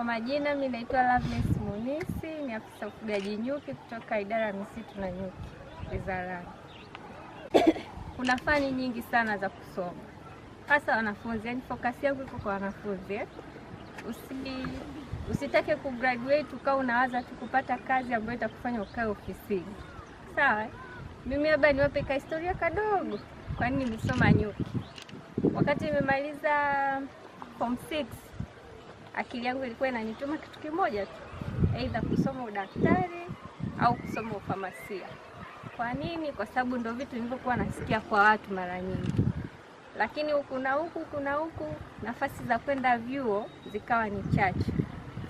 Kwa majina mimi naitwa Loveless Munisi, ni afisa ufugaji nyuki kutoka idara ya misitu na nyuki wizarani. Kuna fani nyingi sana za kusoma, hasa wanafunzi, yani fokasi yangu iko kwa wanafunzi eh? Usi, usitake kugraduate ukawa unawaza tu kupata kazi ambayo itakufanya ukae ofisini, sawa. Mimi labda niwape ka historia kadogo, nini nimesoma nyuki wakati nimemaliza form 6 akili yangu ilikuwa inanituma kitu kimoja tu, aidha kusoma udaktari au kusoma ufamasia. Kwa nini? Kwa sababu ndio vitu nilivyokuwa nasikia kwa watu mara nyingi, lakini huku na huku, kuna huku nafasi za kwenda vyuo zikawa ni chache.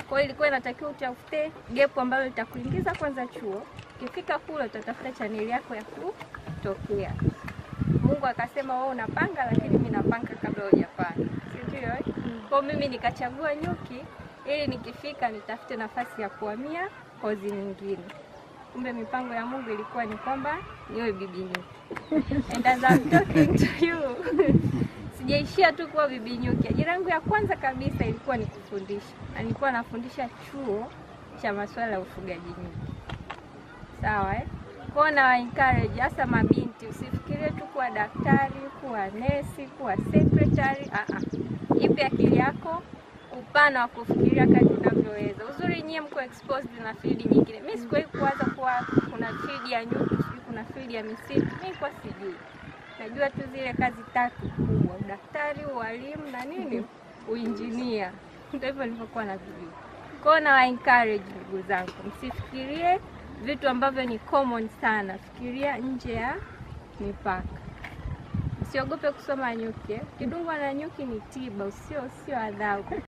Kwa hiyo ilikuwa inatakiwa utafute gepu ambayo litakuingiza kwanza chuo, ukifika kule utatafuta chaneli yako ya kutokea. Mungu akasema wewe unapanga, lakini mimi napanga mimi nikachagua nyuki ili nikifika nitafute nafasi ya kuhamia kozi nyingine. Kumbe mipango ya Mungu ilikuwa ni kwamba niwe bibi nyuki. And as I'm talking to you sijaishia tu kuwa bibi nyuki. Ajira yangu ya kwanza kabisa ilikuwa ni kufundisha, na nilikuwa nafundisha chuo cha masuala ya ufugaji nyuki. Sawa eh? Kwao na encourage hasa mabinti usifu ufikirie tu kuwa daktari, kuwa nesi, kuwa sekretari. Ah, ah. Ipe akili yako upana wa kufikiria kazi unavyoweza. Uzuri nyie mko exposed na field nyingine. Mimi sikuwahi kuwaza kuwa kuna field ya nyuki, sijui kuna field ya misitu, mimi kwa sijui. Najua tu zile kazi tatu kubwa: udaktari, ualimu na nini, uinjinia. Ndio hivyo nilivyokuwa na vijua. Kwa encourage ndugu zangu, msifikirie vitu ambavyo ni common sana, fikiria nje ya mipaka. Usiogope kusoma nyuki, eh? kidungwa na nyuki ni tiba, usio sio adhabu.